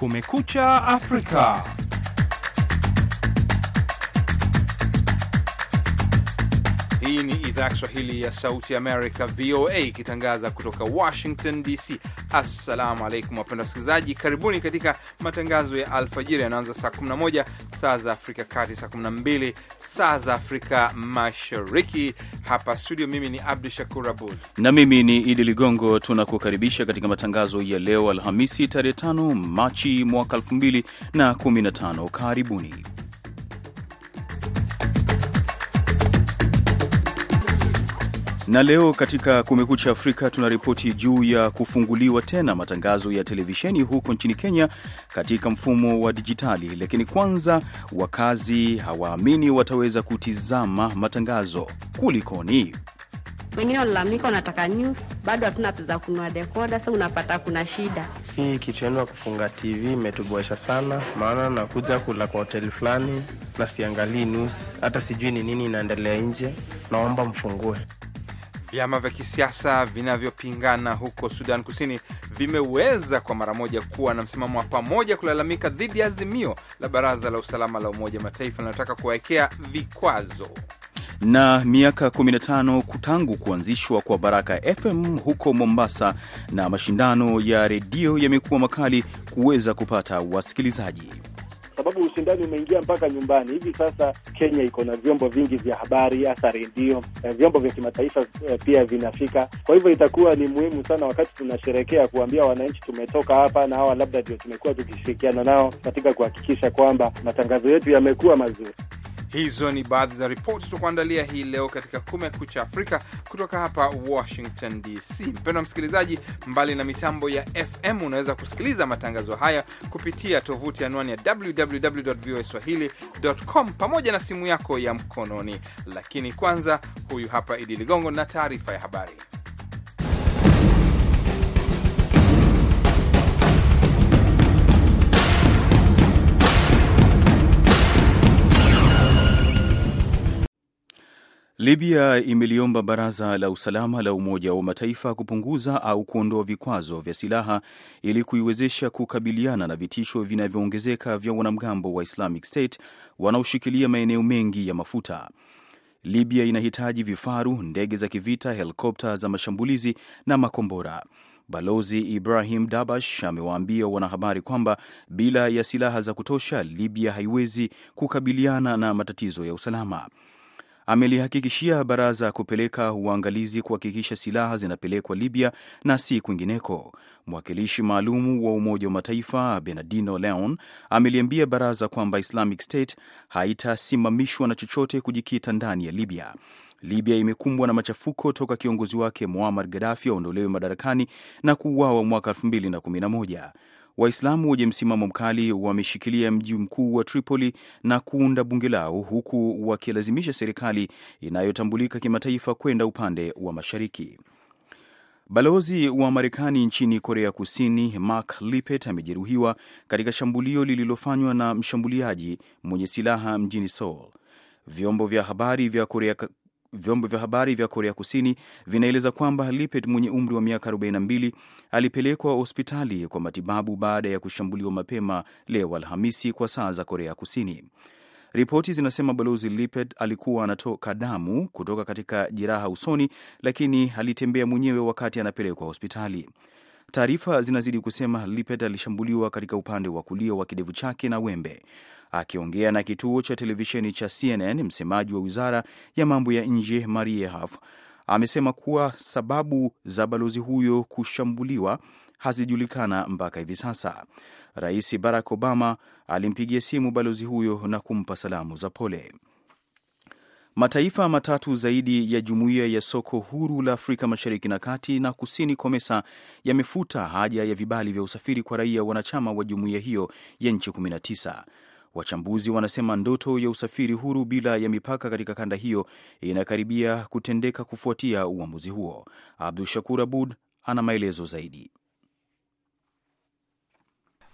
Kumekucha Afrika. Hii ni idhaa ya Kiswahili ya Sauti Amerika, VOA, ikitangaza kutoka Washington DC. Assalamu alaikum wapenda wasikilizaji, karibuni katika matangazo ya alfajiri yanaanza saa 11 saa za Afrika Kati, saa 12 saa za Afrika Mashariki. Hapa studio, mimi ni Abdu Shakur Abud na mimi ni Idi Ligongo. Tunakukaribisha katika matangazo ya leo Alhamisi, tarehe 5 Machi mwaka 2015. Karibuni. Na leo katika Kumekucha Afrika tunaripoti juu ya kufunguliwa tena matangazo ya televisheni huko nchini Kenya katika mfumo wa dijitali, lakini kwanza, wakazi hawaamini wataweza kutizama matangazo. Kulikoni? Wengine walalamika wanataka news, bado hatuna pesa kunua dekoda. sa unapata kuna shida. Hii yenu ya yaani kufunga TV imetuboesha sana, maana nakuja kula kwa hoteli fulani na siangalii news, hata sijui ni nini inaendelea nje. Naomba mfungue. Vyama vya kisiasa vinavyopingana huko Sudan Kusini vimeweza kwa mara moja kuwa na msimamo wa pamoja kulalamika dhidi ya azimio la Baraza la Usalama la Umoja wa Mataifa linalotaka kuwawekea vikwazo na miaka 15 tangu kuanzishwa kwa Baraka FM huko Mombasa, na mashindano ya redio yamekuwa makali kuweza kupata wasikilizaji sababu ushindani umeingia mpaka nyumbani. Hivi sasa Kenya iko na vyombo vingi vya habari, hasa redio, vyombo vya kimataifa eh, pia vinafika. Kwa hivyo itakuwa ni muhimu sana wakati tunasherekea kuambia wananchi tumetoka hapa, na hawa labda ndio tumekuwa tukishirikiana nao katika kuhakikisha kwamba matangazo yetu yamekuwa mazuri. Hizo ni baadhi za ripoti tutakuandalia hii leo katika Kumekucha Afrika kutoka hapa Washington DC. Mpendwa msikilizaji, mbali na mitambo ya FM unaweza kusikiliza matangazo haya kupitia tovuti anwani ya www voa swahili.com pamoja na simu yako ya mkononi. Lakini kwanza, huyu hapa Idi Ligongo na taarifa ya habari. Libya imeliomba Baraza la Usalama la Umoja wa Mataifa kupunguza au kuondoa vikwazo vya silaha ili kuiwezesha kukabiliana na vitisho vinavyoongezeka vya wanamgambo wa Islamic State wanaoshikilia maeneo mengi ya mafuta. Libya inahitaji vifaru, ndege za kivita, helikopta za mashambulizi na makombora. Balozi Ibrahim Dabash amewaambia wanahabari kwamba bila ya silaha za kutosha, Libya haiwezi kukabiliana na matatizo ya usalama amelihakikishia baraza kupeleka uangalizi kuhakikisha silaha zinapelekwa Libya na si kwingineko. Mwakilishi maalum wa Umoja wa Mataifa Bernardino Leon ameliambia baraza kwamba Islamic State haitasimamishwa na chochote kujikita ndani ya Libya. Libya imekumbwa na machafuko toka kiongozi wake Muammar Gaddafi aondolewe madarakani na kuuawa mwaka 2011. Waislamu wenye msimamo mkali wameshikilia mji mkuu wa Tripoli na kuunda bunge lao huku wakilazimisha serikali inayotambulika kimataifa kwenda upande wa mashariki. Balozi wa Marekani nchini Korea Kusini Mark lipet amejeruhiwa katika shambulio lililofanywa na mshambuliaji mwenye silaha mjini Seoul. Vyombo vya habari vya Korea vyombo vya habari vya Korea Kusini vinaeleza kwamba Lipet mwenye umri wa miaka 42 alipelekwa hospitali kwa matibabu baada ya kushambuliwa mapema leo Alhamisi kwa saa za Korea Kusini. Ripoti zinasema balozi Lipet alikuwa anatoka damu kutoka katika jeraha usoni, lakini alitembea mwenyewe wakati anapelekwa hospitali. Taarifa zinazidi kusema Lipet alishambuliwa katika upande wa kulia wa kidevu chake na wembe. Akiongea na kituo cha televisheni cha CNN, msemaji wa wizara ya mambo ya nje Mariehaf amesema kuwa sababu za balozi huyo kushambuliwa hazijulikana mpaka hivi sasa. Rais Barack Obama alimpigia simu balozi huyo na kumpa salamu za pole. Mataifa matatu zaidi ya jumuiya ya soko huru la Afrika Mashariki na Kati na Kusini, COMESA, yamefuta haja ya vibali vya usafiri kwa raia wanachama wa jumuiya hiyo ya nchi 19. Wachambuzi wanasema ndoto ya usafiri huru bila ya mipaka katika kanda hiyo inakaribia kutendeka kufuatia uamuzi huo. Abdu Shakur Abud ana maelezo zaidi.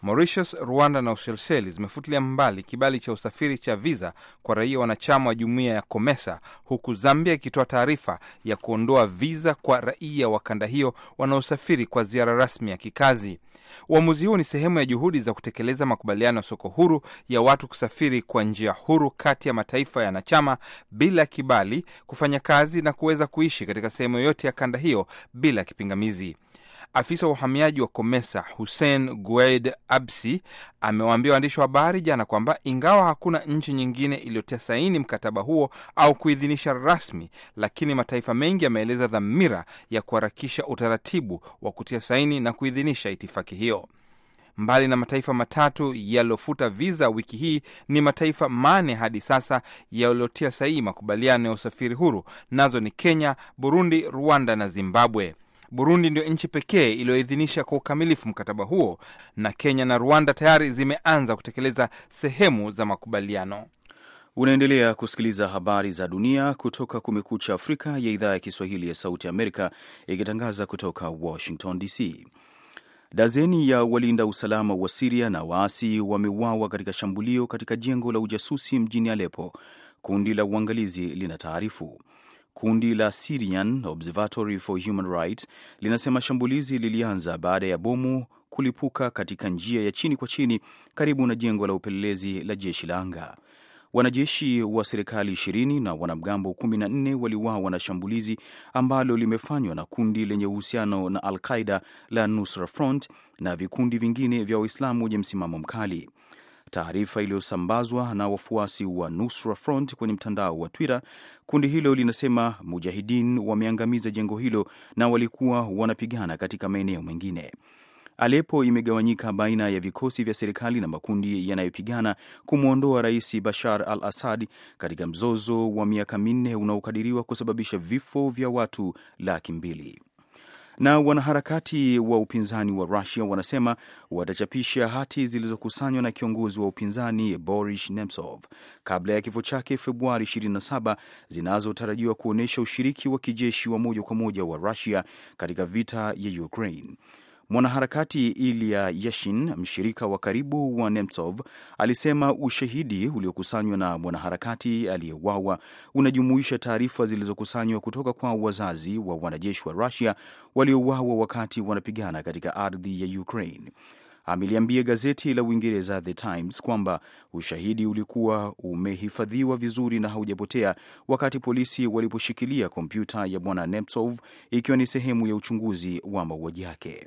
Mauritius, Rwanda na Ushelisheli zimefutilia mbali kibali cha usafiri cha viza kwa raia wanachama wa jumuiya ya Komesa, huku Zambia ikitoa taarifa ya kuondoa viza kwa raia wa kanda hiyo wanaosafiri kwa ziara rasmi ya kikazi. Uamuzi huu ni sehemu ya juhudi za kutekeleza makubaliano ya soko huru ya watu kusafiri kwa njia huru kati ya mataifa ya wanachama bila kibali, kufanya kazi na kuweza kuishi katika sehemu yoyote ya kanda hiyo bila kipingamizi. Afisa wa uhamiaji wa Komesa Hussein gued Absi amewaambia waandishi wa habari jana kwamba ingawa hakuna nchi nyingine iliyotia saini mkataba huo au kuidhinisha rasmi, lakini mataifa mengi yameeleza dhamira ya kuharakisha utaratibu wa kutia saini na kuidhinisha itifaki hiyo. Mbali na mataifa matatu yaliyofuta viza wiki hii, ni mataifa mane hadi sasa yaliyotia sahihi makubaliano ya usafiri huru, nazo ni Kenya, Burundi, Rwanda na Zimbabwe. Burundi ndio nchi pekee iliyoidhinisha kwa ukamilifu mkataba huo, na Kenya na Rwanda tayari zimeanza kutekeleza sehemu za makubaliano. Unaendelea kusikiliza habari za dunia kutoka Kumekucha Afrika ya idhaa ya Kiswahili ya Sauti Amerika, ikitangaza kutoka Washington DC. Dazeni ya walinda usalama wa Siria na waasi wameuawa katika shambulio katika jengo la ujasusi mjini Alepo, kundi la uangalizi lina taarifu. Kundi la Syrian Observatory for Human Rights linasema shambulizi lilianza baada ya bomu kulipuka katika njia ya chini kwa chini karibu na jengo la upelelezi la jeshi la anga. Wanajeshi wa serikali ishirini na wanamgambo kumi na nne waliuawa na shambulizi ambalo limefanywa na kundi lenye uhusiano na Al Qaida la Nusra Front na vikundi vingine vya Waislamu wenye msimamo mkali. Taarifa iliyosambazwa na wafuasi wa Nusra Front kwenye mtandao wa Twitter, kundi hilo linasema mujahidin wameangamiza jengo hilo na walikuwa wanapigana katika maeneo mengine. Alepo imegawanyika baina ya vikosi vya serikali na makundi yanayopigana kumwondoa Rais Bashar al Assad katika mzozo wa miaka minne unaokadiriwa kusababisha vifo vya watu laki mbili. Na wanaharakati wa upinzani wa Rusia wanasema watachapisha hati zilizokusanywa na kiongozi wa upinzani Boris Nemtsov kabla ya kifo chake Februari 27 zinazotarajiwa kuonyesha ushiriki wa kijeshi wa moja kwa moja wa Rusia katika vita ya Ukraine. Mwanaharakati Ilya Yashin, mshirika wa karibu wa Nemtsov, alisema ushahidi uliokusanywa na mwanaharakati aliyeuawa unajumuisha taarifa zilizokusanywa kutoka kwa wazazi wa wanajeshi wa Rusia waliouawa wakati wanapigana katika ardhi ya Ukraine. Ameliambia gazeti la Uingereza The Times kwamba ushahidi ulikuwa umehifadhiwa vizuri na haujapotea wakati polisi waliposhikilia kompyuta ya bwana Nemtsov ikiwa ni sehemu ya uchunguzi wa mauaji yake.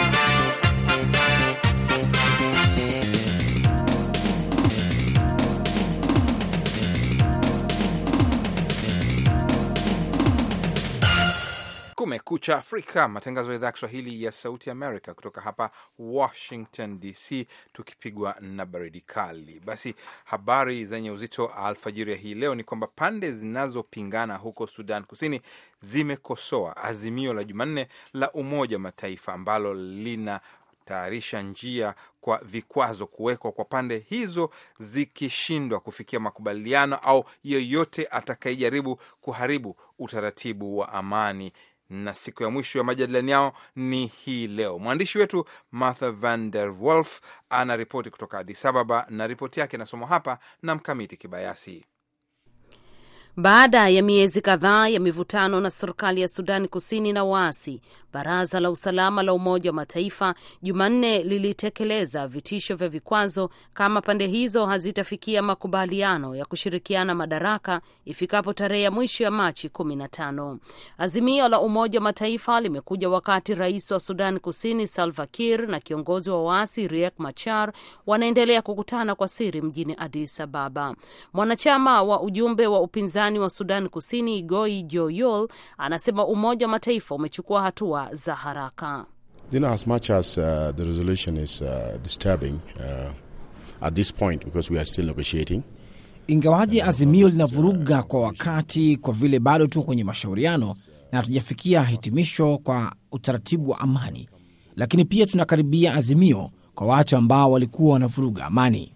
Kumekucha Afrika, matangazo ya idhaa ya Kiswahili ya Sauti Amerika kutoka hapa Washington DC, tukipigwa na baridi kali. Basi habari zenye uzito alfajiri ya hii leo ni kwamba pande zinazopingana huko Sudan Kusini zimekosoa azimio la Jumanne la Umoja wa Mataifa ambalo lina tayarisha njia kwa vikwazo kuwekwa kwa pande hizo zikishindwa kufikia makubaliano au yeyote atakayejaribu kuharibu utaratibu wa amani na siku ya mwisho ya majadiliano yao ni hii leo. Mwandishi wetu Martha Van der Wolf anaripoti kutoka adisababa Ababa, na ripoti yake inasomwa hapa na Mkamiti Kibayasi. Baada ya miezi kadhaa ya mivutano na serikali ya Sudani Kusini na waasi, Baraza la Usalama la Umoja wa Mataifa Jumanne lilitekeleza vitisho vya vikwazo kama pande hizo hazitafikia makubaliano ya kushirikiana madaraka ifikapo tarehe ya mwisho ya Machi 15. Azimio la Umoja wa Mataifa limekuja wakati rais wa Sudani Kusini Salva Kiir na kiongozi wa waasi Riek Machar wanaendelea kukutana kwa siri mjini Addis Ababa. Mwanachama wa ujumbe wa upinzani mpinzani wa Sudan Kusini Goi Joyol anasema Umoja wa Mataifa umechukua hatua za haraka. You know, as much as, uh, the resolution is, uh, disturbing, uh, at this point because we are still negotiating. Ingawaje azimio linavuruga uh, kwa wakati, kwa vile bado tuko kwenye mashauriano na hatujafikia hitimisho kwa utaratibu wa amani, lakini pia tunakaribia azimio kwa watu ambao walikuwa wanavuruga amani.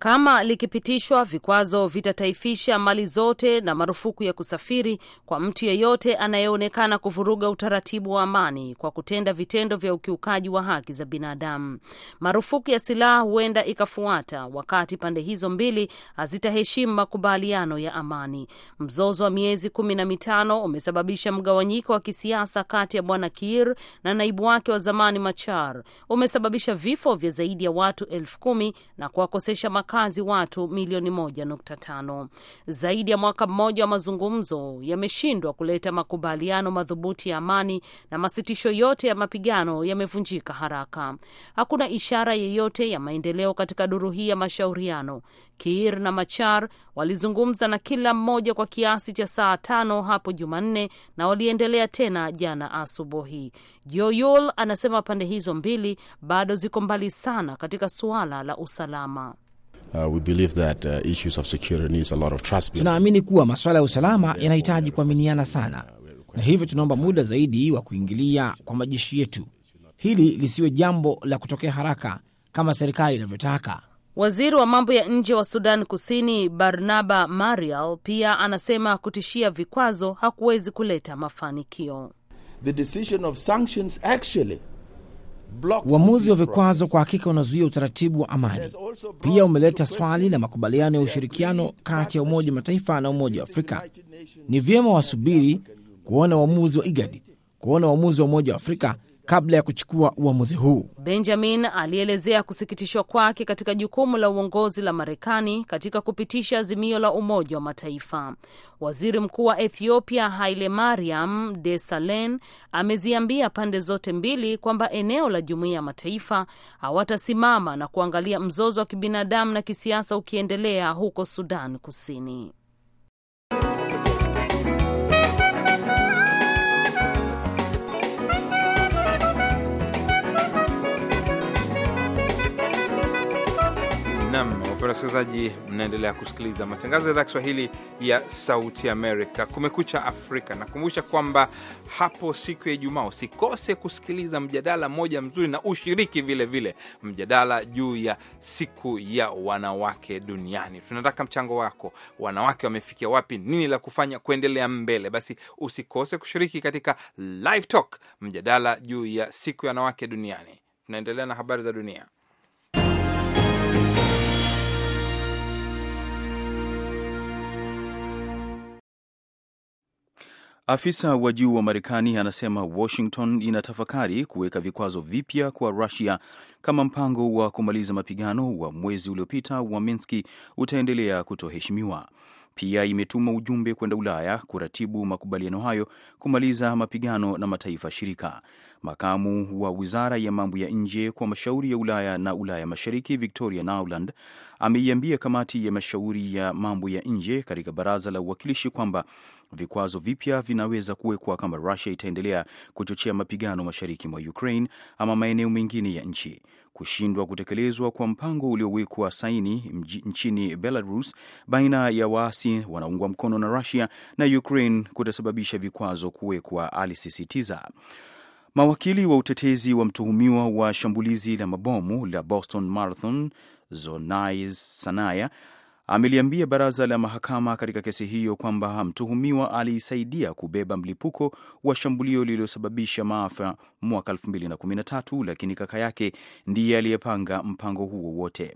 Kama likipitishwa, vikwazo vitataifisha mali zote na marufuku ya kusafiri kwa mtu yeyote anayeonekana kuvuruga utaratibu wa amani kwa kutenda vitendo vya ukiukaji wa haki za binadamu. Marufuku ya silaha huenda ikafuata wakati pande hizo mbili hazitaheshimu makubaliano ya amani. Mzozo wa miezi kumi na mitano umesababisha mgawanyiko wa kisiasa kati ya Bwana Kiir na naibu wake wa zamani Machar, umesababisha vifo vya zaidi ya watu elfu kumi na kuwakosesha wakazi watu milioni 1.5. Zaidi ya mwaka mmoja wa mazungumzo yameshindwa kuleta makubaliano madhubuti ya amani na masitisho yote ya mapigano yamevunjika haraka. Hakuna ishara yeyote ya maendeleo katika duru hii ya mashauriano. Kiir na Machar walizungumza na kila mmoja kwa kiasi cha saa tano hapo Jumanne na waliendelea tena jana asubuhi. joyul anasema pande hizo mbili bado ziko mbali sana katika suala la usalama. Uh, uh, Tunaamini kuwa masuala ya usalama yanahitaji kuaminiana sana, na hivyo tunaomba muda zaidi wa kuingilia kwa majeshi yetu, hili lisiwe jambo la kutokea haraka kama serikali inavyotaka. Waziri wa mambo ya nje wa Sudan Kusini Barnaba Marial pia anasema kutishia vikwazo hakuwezi kuleta mafanikio. The decision of sanctions actually Uamuzi wa vikwazo kwa hakika unazuia utaratibu wa amani. Pia umeleta swali la makubaliano ya ushirikiano kati ya Umoja Mataifa na Umoja wa Afrika. Ni vyema wasubiri kuona uamuzi wa igadi kuona uamuzi wa Umoja wa Afrika kabla ya kuchukua uamuzi huu. Benjamin alielezea kusikitishwa kwake katika jukumu la uongozi la Marekani katika kupitisha azimio la Umoja wa Mataifa. Waziri Mkuu wa Ethiopia Haile Mariam de salen ameziambia pande zote mbili kwamba eneo la Jumuiya ya Mataifa hawatasimama na kuangalia mzozo wa kibinadamu na kisiasa ukiendelea huko Sudan Kusini. wasikilizaji, mnaendelea kusikiliza matangazo ya idhaa Kiswahili ya Sauti Amerika, Kumekucha Afrika. Nakumbusha kwamba hapo siku ya Ijumaa usikose kusikiliza mjadala mmoja mzuri na ushiriki vilevile vile, mjadala juu ya siku ya wanawake duniani. Tunataka mchango wako, wanawake wamefikia wapi, nini la kufanya kuendelea mbele? Basi usikose kushiriki katika Live Talk, mjadala juu ya siku ya wanawake duniani. Tunaendelea na habari za dunia. Afisa wa juu wa Marekani anasema Washington inatafakari kuweka vikwazo vipya kwa Rusia kama mpango wa kumaliza mapigano wa mwezi uliopita wa Minski utaendelea kutoheshimiwa. Pia imetuma ujumbe kwenda Ulaya kuratibu makubaliano hayo kumaliza mapigano na mataifa shirika. Makamu wa wizara ya mambo ya nje kwa mashauri ya Ulaya na Ulaya Mashariki, Victoria Nuland, ameiambia kamati ya mashauri ya mambo ya nje katika baraza la uwakilishi kwamba vikwazo vipya vinaweza kuwekwa kama Rusia itaendelea kuchochea mapigano mashariki mwa Ukraine ama maeneo mengine ya nchi. Kushindwa kutekelezwa kwa mpango uliowekwa saini nchini Belarus baina ya waasi wanaungwa mkono na Rusia na Ukraine kutasababisha vikwazo kuwekwa, alisisitiza. Mawakili wa utetezi wa mtuhumiwa wa shambulizi la mabomu la Boston Marathon Zonai Sanaya ameliambia baraza la mahakama katika kesi hiyo kwamba mtuhumiwa aliisaidia kubeba mlipuko wa shambulio lililosababisha maafa mwaka 2013 lakini kaka yake ndiye aliyepanga mpango huo wote.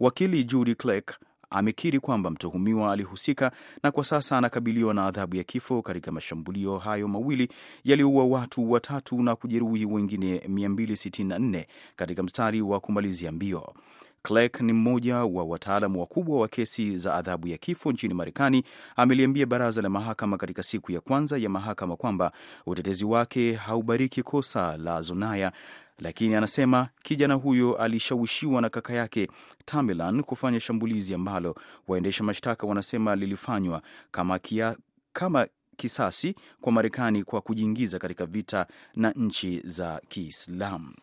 Wakili Judy Clark amekiri kwamba mtuhumiwa alihusika na kwa sasa anakabiliwa na adhabu ya kifo katika mashambulio hayo mawili yaliyoua watu watatu na kujeruhi wengine 264 katika mstari wa kumalizia mbio. Clark ni mmoja wa wataalamu wakubwa wa kesi za adhabu ya kifo nchini Marekani. Ameliambia baraza la mahakama katika siku ya kwanza ya mahakama kwamba utetezi wake haubariki kosa la Zonaya lakini anasema kijana huyo alishawishiwa na kaka yake tamilan kufanya shambulizi ambalo waendesha mashtaka wanasema lilifanywa kama, kia, kama kisasi kwa Marekani kwa kujiingiza katika vita na nchi za Kiislamu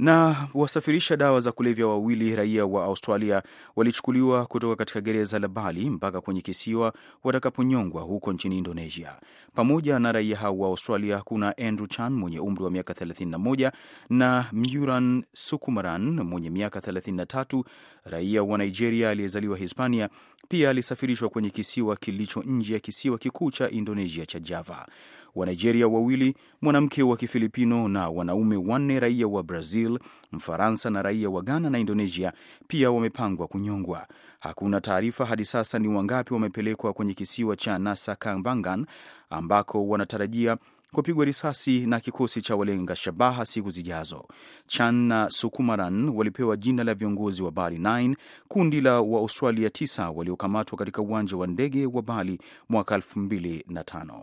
na wasafirisha dawa za kulevya wawili raia wa Australia walichukuliwa kutoka katika gereza la Bali mpaka kwenye kisiwa watakaponyongwa huko nchini Indonesia. Pamoja na raia hao wa Australia kuna Andrew Chan mwenye umri wa miaka 31 na Myuran Sukumaran mwenye miaka 33, raia wa Nigeria aliyezaliwa Hispania. Pia alisafirishwa kwenye kisiwa kilicho nje ya kisiwa kikuu cha Indonesia cha Java wa Nigeria wawili, mwanamke wa Kifilipino na wanaume wanne raia wa Brazil, Mfaransa na raia wa Ghana na Indonesia pia wamepangwa kunyongwa. Hakuna taarifa hadi sasa ni wangapi wamepelekwa kwenye kisiwa cha nasa Kambangan ambako wanatarajia kupigwa risasi na kikosi cha walenga shabaha siku zijazo. Chan na Sukumaran walipewa jina la viongozi wa Bali 9 kundi la Waaustralia 9 waliokamatwa katika uwanja wa ndege wa Bali mwaka 2005.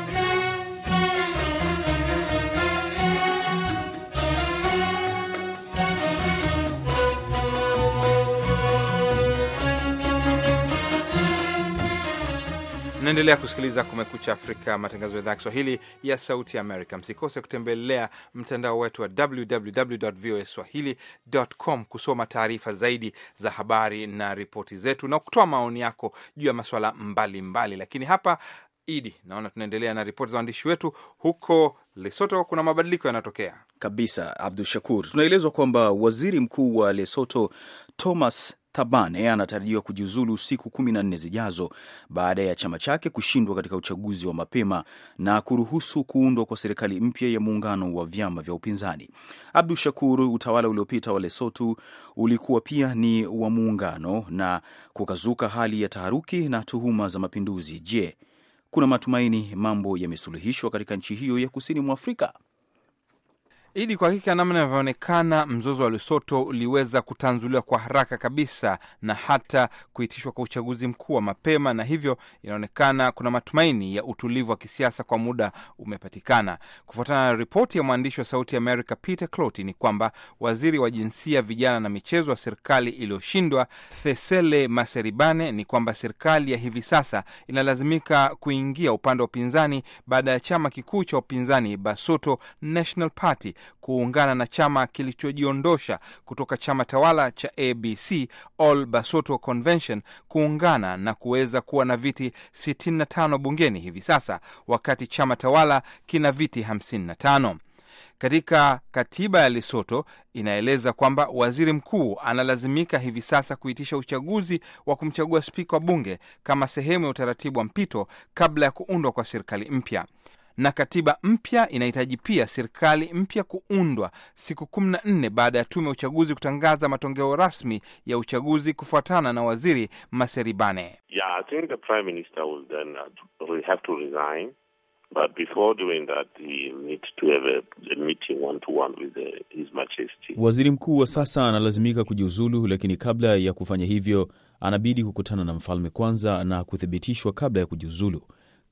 Naendelea kusikiliza Kumekucha Afrika, matangazo ya idhaa ya Kiswahili ya Sauti Amerika. Msikose kutembelea mtandao wetu wa www voa swahili.com kusoma taarifa zaidi za habari na ripoti zetu na kutoa maoni yako juu ya maswala mbalimbali mbali. Lakini hapa Idi, naona tunaendelea na ripoti za waandishi wetu huko Lesoto kuna mabadiliko yanatokea kabisa. Abdu Shakur, tunaelezwa kwamba waziri mkuu wa Lesoto Thomas tabane anatarajiwa kujiuzulu siku kumi na nne zijazo baada ya chama chake kushindwa katika uchaguzi wa mapema na kuruhusu kuundwa kwa serikali mpya ya muungano wa vyama vya upinzani. Abdu Shakur, utawala uliopita wa Lesotu ulikuwa pia ni wa muungano na kukazuka hali ya taharuki na tuhuma za mapinduzi. Je, kuna matumaini mambo yamesuluhishwa katika nchi hiyo ya kusini mwa Afrika? Ili kwa hakika, namna inavyoonekana, mzozo wa Lesoto uliweza kutanzuliwa kwa haraka kabisa na hata kuitishwa kwa uchaguzi mkuu wa mapema, na hivyo inaonekana kuna matumaini ya utulivu wa kisiasa kwa muda umepatikana. Kufuatana na ripoti ya mwandishi wa Sauti america Amerika Peter Cloti ni kwamba waziri wa jinsia, vijana na michezo wa serikali iliyoshindwa Thesele Maseribane ni kwamba serikali ya hivi sasa inalazimika kuingia upande wa upinzani baada ya chama kikuu cha upinzani Basoto National Party kuungana na chama kilichojiondosha kutoka chama tawala cha ABC All Basotho Convention kuungana na kuweza kuwa na viti 65 bungeni hivi sasa, wakati chama tawala kina viti 55. Katika katiba ya Lesoto inaeleza kwamba waziri mkuu analazimika hivi sasa kuitisha uchaguzi wa kumchagua spika wa bunge kama sehemu ya utaratibu wa mpito kabla ya kuundwa kwa serikali mpya na katiba mpya inahitaji pia serikali mpya kuundwa siku kumi na nne baada ya tume ya uchaguzi kutangaza matokeo rasmi ya uchaguzi, kufuatana na waziri Maseribane. Yeah, uh, waziri mkuu wa sasa analazimika kujiuzulu, lakini kabla ya kufanya hivyo anabidi kukutana na mfalme kwanza na kuthibitishwa kabla ya kujiuzulu.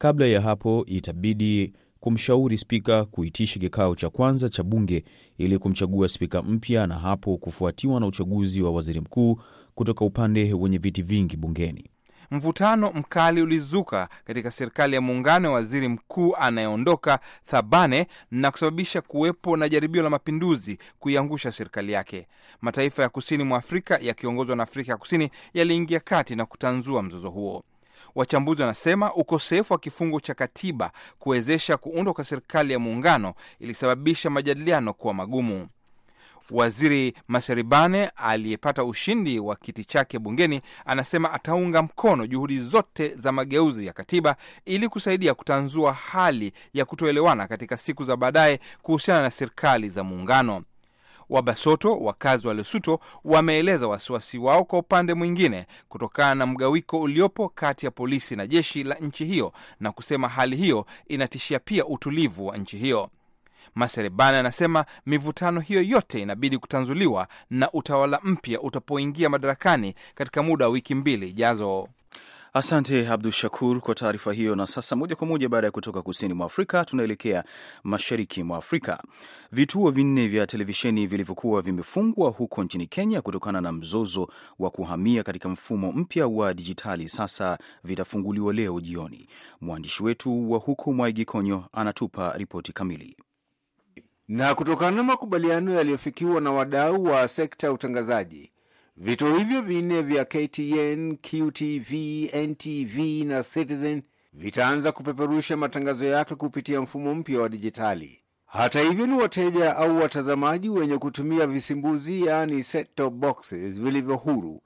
Kabla ya hapo, itabidi kumshauri spika kuitisha kikao cha kwanza cha bunge ili kumchagua spika mpya, na hapo kufuatiwa na uchaguzi wa waziri mkuu kutoka upande wenye viti vingi bungeni. Mvutano mkali ulizuka katika serikali ya muungano ya waziri mkuu anayeondoka Thabane na kusababisha kuwepo na jaribio la mapinduzi kuiangusha serikali yake. Mataifa ya kusini mwa Afrika yakiongozwa na Afrika ya Kusini yaliingia kati na kutanzua mzozo huo. Wachambuzi wanasema ukosefu wa kifungu cha katiba kuwezesha kuundwa kwa serikali ya muungano ilisababisha majadiliano kuwa magumu. Waziri Masharibane aliyepata ushindi wa kiti chake bungeni anasema ataunga mkono juhudi zote za mageuzi ya katiba ili kusaidia kutanzua hali ya kutoelewana katika siku za baadaye kuhusiana na serikali za muungano wa Basoto, wakazi wa Lesuto wameeleza wasiwasi wao kwa upande mwingine, kutokana na mgawiko uliopo kati ya polisi na jeshi la nchi hiyo, na kusema hali hiyo inatishia pia utulivu wa nchi hiyo. Maserebana anasema mivutano hiyo yote inabidi kutanzuliwa na utawala mpya utapoingia madarakani katika muda wa wiki mbili ijazo. Asante Abdu Shakur kwa taarifa hiyo. Na sasa moja kwa moja baada ya kutoka kusini mwa Afrika tunaelekea mashariki mwa Afrika. Vituo vinne vya televisheni vilivyokuwa vimefungwa huko nchini Kenya kutokana na mzozo wa kuhamia katika mfumo mpya wa dijitali sasa vitafunguliwa leo jioni. Mwandishi wetu wa huko Mwaigi Konyo anatupa ripoti kamili. Na kutokana na makubaliano yaliyofikiwa na wadau wa sekta ya utangazaji Vituo hivyo vinne vya KTN, QTV, NTV na Citizen vitaanza kupeperusha matangazo yake kupitia mfumo mpya wa dijitali. Hata hivyo, ni wateja au watazamaji wenye kutumia visimbuzi, yaani set-top boxes, vilivyo huru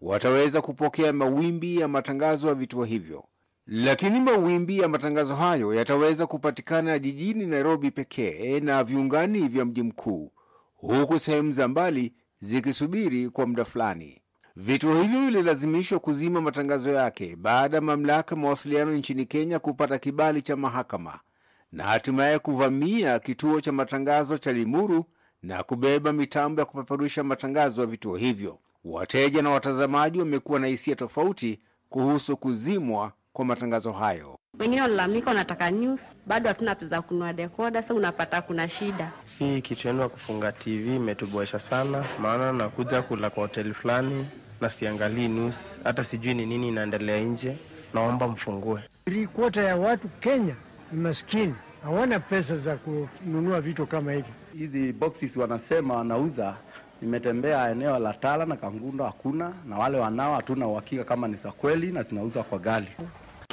wataweza kupokea mawimbi ya matangazo ya vituo hivyo, lakini mawimbi ya matangazo hayo yataweza kupatikana jijini Nairobi pekee na viungani vya mji mkuu, huku sehemu za mbali zikisubiri kwa muda fulani. Vituo hivyo vililazimishwa kuzima matangazo yake baada ya mamlaka mawasiliano nchini Kenya kupata kibali cha mahakama na hatimaye kuvamia kituo cha matangazo cha Limuru na kubeba mitambo ya kupeperusha matangazo ya vituo hivyo. Wateja na watazamaji wamekuwa na hisia tofauti kuhusu kuzimwa kwa matangazo hayo. Wengine walalamika wanataka news, bado hatuna pesa kununua dekoda. Sasa unapata kuna shida. Hii kitu yenu ya yaani kufunga TV imetuboesha sana, maana nakuja kula kwa hoteli fulani na siangalii news, hata sijui ni nini inaendelea nje. Naomba mfungue. Three quarter ya watu Kenya ni maskini, hawana pesa za kununua vitu kama hivi. Hizi boxes wanasema wanauza Nimetembea eneo la Tala na Kangundo, hakuna na wale wanao, hatuna uhakika kama ni za kweli na zinauzwa kwa gali.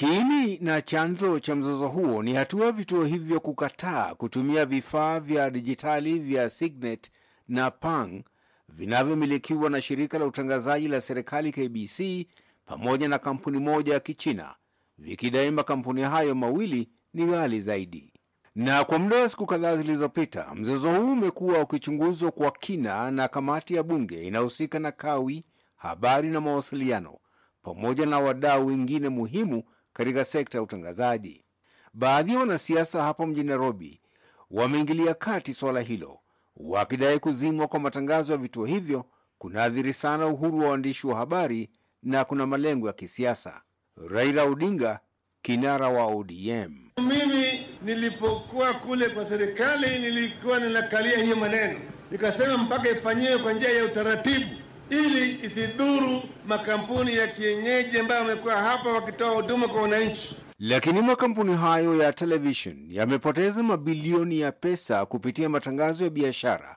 Kiini na chanzo cha mzozo huo ni hatua vituo hivyo kukataa kutumia vifaa vya dijitali vya Signet na Pang vinavyomilikiwa na shirika la utangazaji la serikali KBC pamoja na kampuni moja ya Kichina, vikidai makampuni hayo mawili ni ghali zaidi. Na kwa muda wa siku kadhaa zilizopita, mzozo huu umekuwa ukichunguzwa kwa kina na kamati ya bunge inayohusika na kawi, habari na mawasiliano, pamoja na wadau wengine muhimu katika sekta ya utangazaji. Baadhi ya wanasiasa hapo mjini Nairobi wameingilia kati swala hilo, wakidai kuzimwa kwa matangazo ya vituo hivyo kunaathiri sana uhuru wa waandishi wa habari na kuna malengo ya kisiasa. Raila Odinga, kinara wa ODM: mimi nilipokuwa kule kwa serikali nilikuwa ninakalia hiyo maneno, nikasema mpaka ifanyiwe kwa njia ya utaratibu ili isidhuru makampuni ya kienyeji ambayo wamekuwa hapa wakitoa huduma kwa wananchi. Lakini makampuni hayo ya television yamepoteza mabilioni ya pesa kupitia matangazo ya biashara,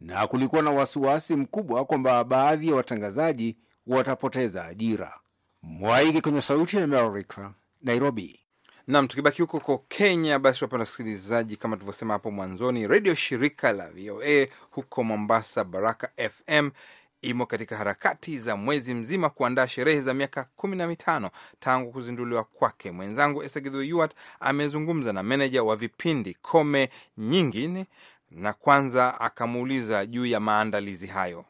na kulikuwa na wasiwasi mkubwa kwamba baadhi ya watangazaji watapoteza ajira. Mwaiki kwenye Sauti ya Amerika, Nairobi. Nam, tukibaki huko huko Kenya, basi wapenda wasikilizaji, kama tulivyosema hapo mwanzoni, redio shirika la VOA huko Mombasa, Baraka FM imo katika harakati za mwezi mzima kuandaa sherehe za miaka kumi na mitano tangu kuzinduliwa kwake. Mwenzangu Esegidhyuat amezungumza na meneja wa vipindi Kome Nyingine, na kwanza akamuuliza juu ya maandalizi hayo.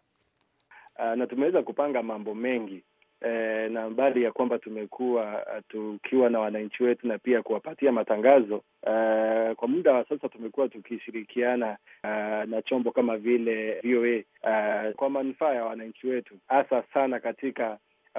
Uh, na tumeweza kupanga mambo mengi Eh, na mbali ya kwamba tumekuwa eh, tukiwa na wananchi wetu na pia kuwapatia matangazo uh, kwa muda wa sasa tumekuwa tukishirikiana uh, na chombo kama vile VOA uh, kwa manufaa ya wananchi wetu hasa sana katika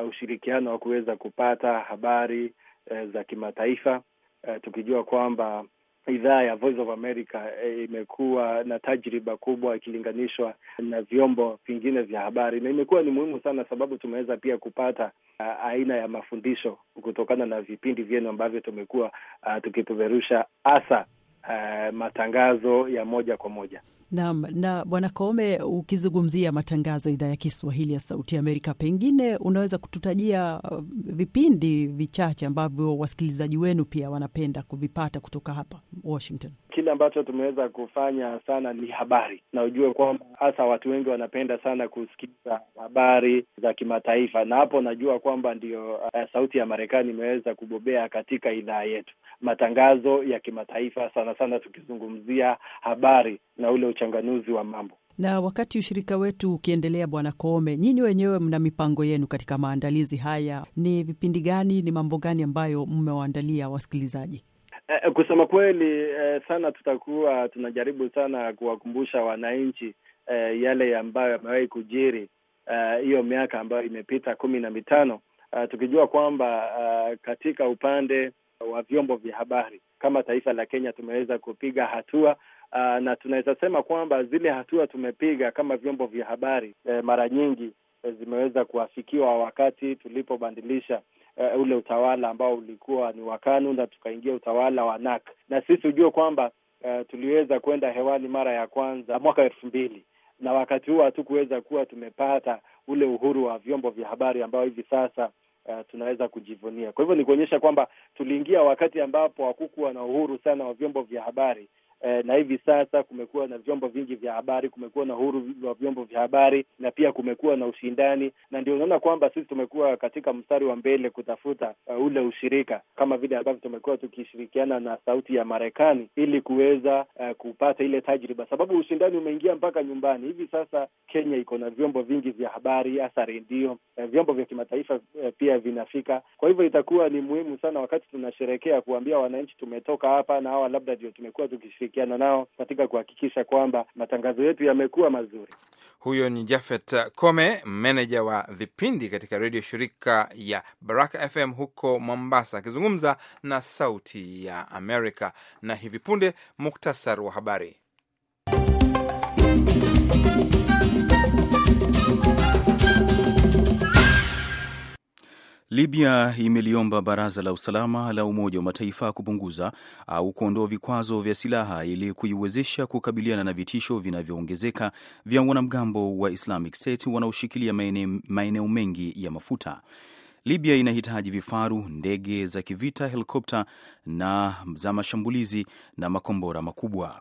ushirikiano wa kuweza kupata habari uh, za kimataifa uh, tukijua kwamba idhaa ya Voice of America eh, imekuwa na tajriba kubwa ikilinganishwa na vyombo vingine vya habari, na imekuwa ni muhimu sana, sababu tumeweza pia kupata uh, aina ya mafundisho kutokana na vipindi vyenu ambavyo tumekuwa ah, tukipeperusha hasa eh, matangazo ya moja kwa moja. Naam. Na Bwana Kome, ukizungumzia matangazo idhaa ya Kiswahili ya Sauti ya Amerika, pengine unaweza kututajia uh, vipindi vichache ambavyo wasikilizaji wenu pia wanapenda kuvipata kutoka hapa Washington? kile ambacho tumeweza kufanya sana ni habari, na ujue kwamba hasa watu wengi wanapenda sana kusikiza habari za kimataifa, na hapo najua kwamba ndio uh, sauti ya Marekani imeweza kubobea katika idhaa yetu, matangazo ya kimataifa sana sana, tukizungumzia habari na ule uchanganuzi wa mambo na wakati ushirika wetu ukiendelea, Bwana Koome, nyinyi wenyewe mna mipango yenu katika maandalizi haya? Ni vipindi gani, ni mambo gani ambayo mmewaandalia wasikilizaji? Eh, eh, kusema kweli eh, sana tutakuwa tunajaribu sana kuwakumbusha wananchi eh, yale ambayo yamewahi kujiri eh, hiyo eh, miaka ambayo imepita kumi na mitano eh, tukijua kwamba eh, katika upande wa vyombo vya habari kama taifa la Kenya tumeweza kupiga hatua Uh, na tunaweza sema kwamba zile hatua tumepiga kama vyombo vya habari eh, mara nyingi eh, zimeweza kuafikiwa wakati tulipobandilisha uh, ule utawala ambao ulikuwa ni wa KANU na tukaingia utawala wa NAK, na sisi hujue kwamba uh, tuliweza kwenda hewani mara ya kwanza mwaka elfu mbili na wakati huo hatukuweza kuwa tumepata ule uhuru wa vyombo vya habari ambao hivi sasa uh, tunaweza kujivunia. Kwa hivyo ni kuonyesha kwamba tuliingia wakati ambapo hakukuwa na uhuru sana wa vyombo vya habari, e, na hivi sasa kumekuwa na vyombo vingi vya habari, kumekuwa na uhuru wa vyombo vya habari na pia kumekuwa na ushindani, na ndio unaona kwamba sisi tumekuwa katika mstari wa mbele kutafuta uh, ule ushirika, kama vile ambavyo tumekuwa tukishirikiana na Sauti ya Marekani ili kuweza uh, kupata ile tajriba, sababu ushindani umeingia mpaka nyumbani. Hivi sasa Kenya iko na vyombo vingi vya habari, hasa redio, uh, vyombo vya kimataifa uh, pia vinafika. Kwa hivyo itakuwa ni muhimu sana wakati tunasherekea kuambia wananchi tumetoka hapa na hawa labda ndio tumekuwa tukish kushirikiana nao katika kuhakikisha kwamba matangazo yetu yamekuwa mazuri. Huyo ni Jafet Kome, meneja wa vipindi katika redio shirika ya Baraka FM huko Mombasa, akizungumza na Sauti ya Amerika. Na hivi punde muktasar wa habari. Libya imeliomba Baraza la Usalama la Umoja wa Mataifa kupunguza au kuondoa vikwazo vya silaha ili kuiwezesha kukabiliana na vitisho vinavyoongezeka vya wanamgambo wa Islamic State wanaoshikilia maeneo mengi ya mafuta. Libya inahitaji vifaru, ndege za kivita, helikopta na za mashambulizi na makombora makubwa.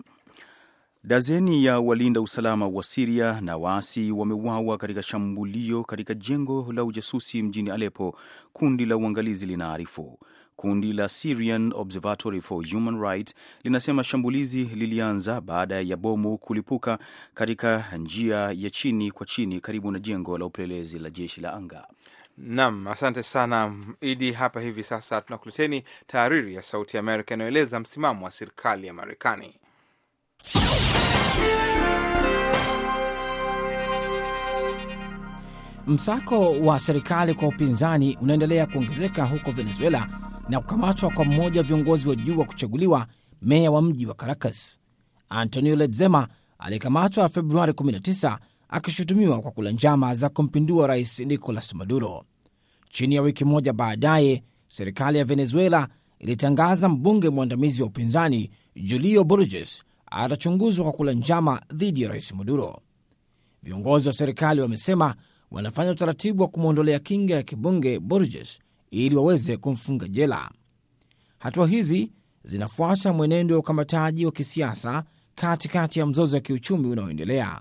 Dazeni ya walinda usalama wa Siria na waasi wameuawa katika shambulio katika jengo la ujasusi mjini Alepo, kundi la uangalizi linaarifu. Kundi la Syrian Observatory for Human Rights linasema shambulizi lilianza baada ya bomu kulipuka katika njia ya chini kwa chini karibu na jengo la upelelezi la jeshi la anga. Naam, asante sana Idi. Hapa hivi sasa tunakuleteni taariri ya Sauti ya Amerika inayoeleza msimamo wa serikali ya Marekani. Msako wa serikali kwa upinzani unaendelea kuongezeka huko Venezuela na kukamatwa kwa mmoja wa viongozi wa juu wa kuchaguliwa, meya wa mji wa Caracas Antonio Ledzema aliyekamatwa Februari 19 akishutumiwa kwa kula njama za kumpindua rais Nicolas Maduro. Chini ya wiki moja baadaye, serikali ya Venezuela ilitangaza mbunge mwandamizi wa upinzani Julio Borges atachunguzwa kwa kula njama dhidi ya rais Maduro. Viongozi wa serikali wamesema wanafanya utaratibu wa kumwondolea kinga ya kibunge Borges ili waweze kumfunga jela. Hatua hizi zinafuata mwenendo wa ukamataji wa kisiasa katikati kati ya mzozo wa kiuchumi unaoendelea.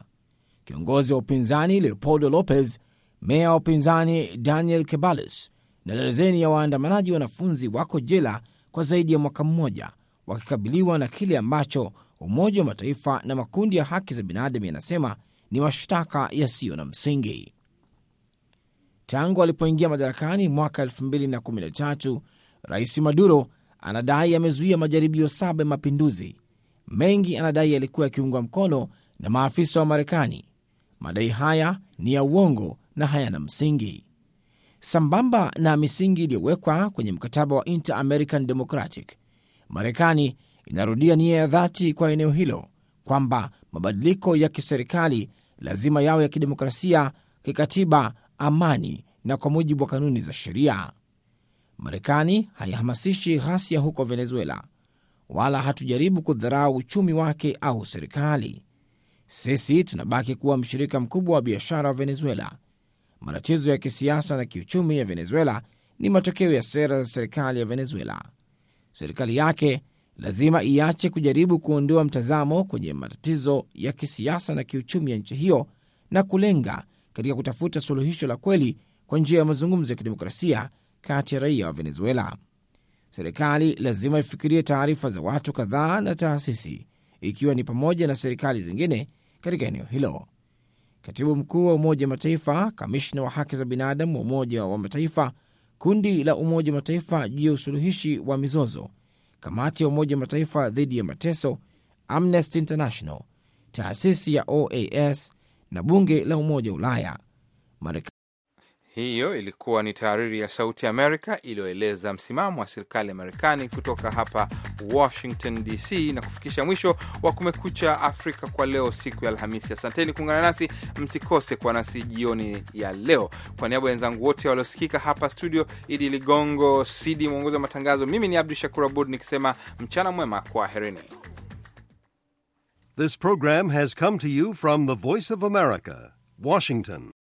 Kiongozi wa upinzani Leopoldo Lopez, meya wa upinzani Daniel Kebales na darazeni ya waandamanaji wanafunzi wako jela kwa zaidi ya mwaka mmoja wakikabiliwa na kile ambacho Umoja wa Mataifa na makundi ya haki za binadamu yanasema ni mashtaka yasiyo na msingi. Tangu alipoingia madarakani mwaka 2013 Rais Maduro anadai amezuia majaribio saba ya mapinduzi mengi, anadai yalikuwa yakiungwa mkono na maafisa wa Marekani. Madai haya ni ya uongo na hayana msingi, sambamba na misingi iliyowekwa kwenye mkataba wa Inter American Democratic. Marekani inarudia nia ya dhati kwa eneo hilo kwamba mabadiliko ya kiserikali lazima yawe ya kidemokrasia, kikatiba, amani na kwa mujibu wa kanuni za sheria. Marekani haihamasishi ghasia huko Venezuela, wala hatujaribu kudharau uchumi wake au serikali. Sisi tunabaki kuwa mshirika mkubwa wa biashara wa Venezuela. Matatizo ya kisiasa na kiuchumi ya Venezuela ni matokeo ya sera za serikali ya Venezuela. Serikali yake lazima iache kujaribu kuondoa mtazamo kwenye matatizo ya kisiasa na kiuchumi ya nchi hiyo na kulenga katika kutafuta suluhisho la kweli kwa njia ya mazungumzo ya kidemokrasia kati ya raia wa Venezuela. Serikali lazima ifikirie taarifa za watu kadhaa na taasisi, ikiwa ni pamoja na serikali zingine katika eneo hilo. Katibu mkuu wa Umoja wa Mataifa, kamishna wa haki za binadamu wa Umoja wa Mataifa, kundi la Umoja wa Mataifa juu ya usuluhishi wa mizozo kamati ya Umoja Mataifa dhidi ya mateso, Amnesty International, taasisi ya OAS na bunge la Umoja wa Ulaya. Hiyo ilikuwa ni tahariri ya Sauti Amerika iliyoeleza msimamo wa serikali ya Marekani kutoka hapa Washington DC, na kufikisha mwisho wa Kumekucha Afrika kwa leo, siku ya Alhamisi. Asanteni kuungana nasi, msikose kwa nasi jioni ya leo. Kwa niaba ya wenzangu wote waliosikika hapa studio, Idi Ligongo, Sidi mwongozi wa matangazo, mimi ni Abdu Shakur Abud nikisema mchana mwema, herini. This program has come to you from the Voice of America, Washington.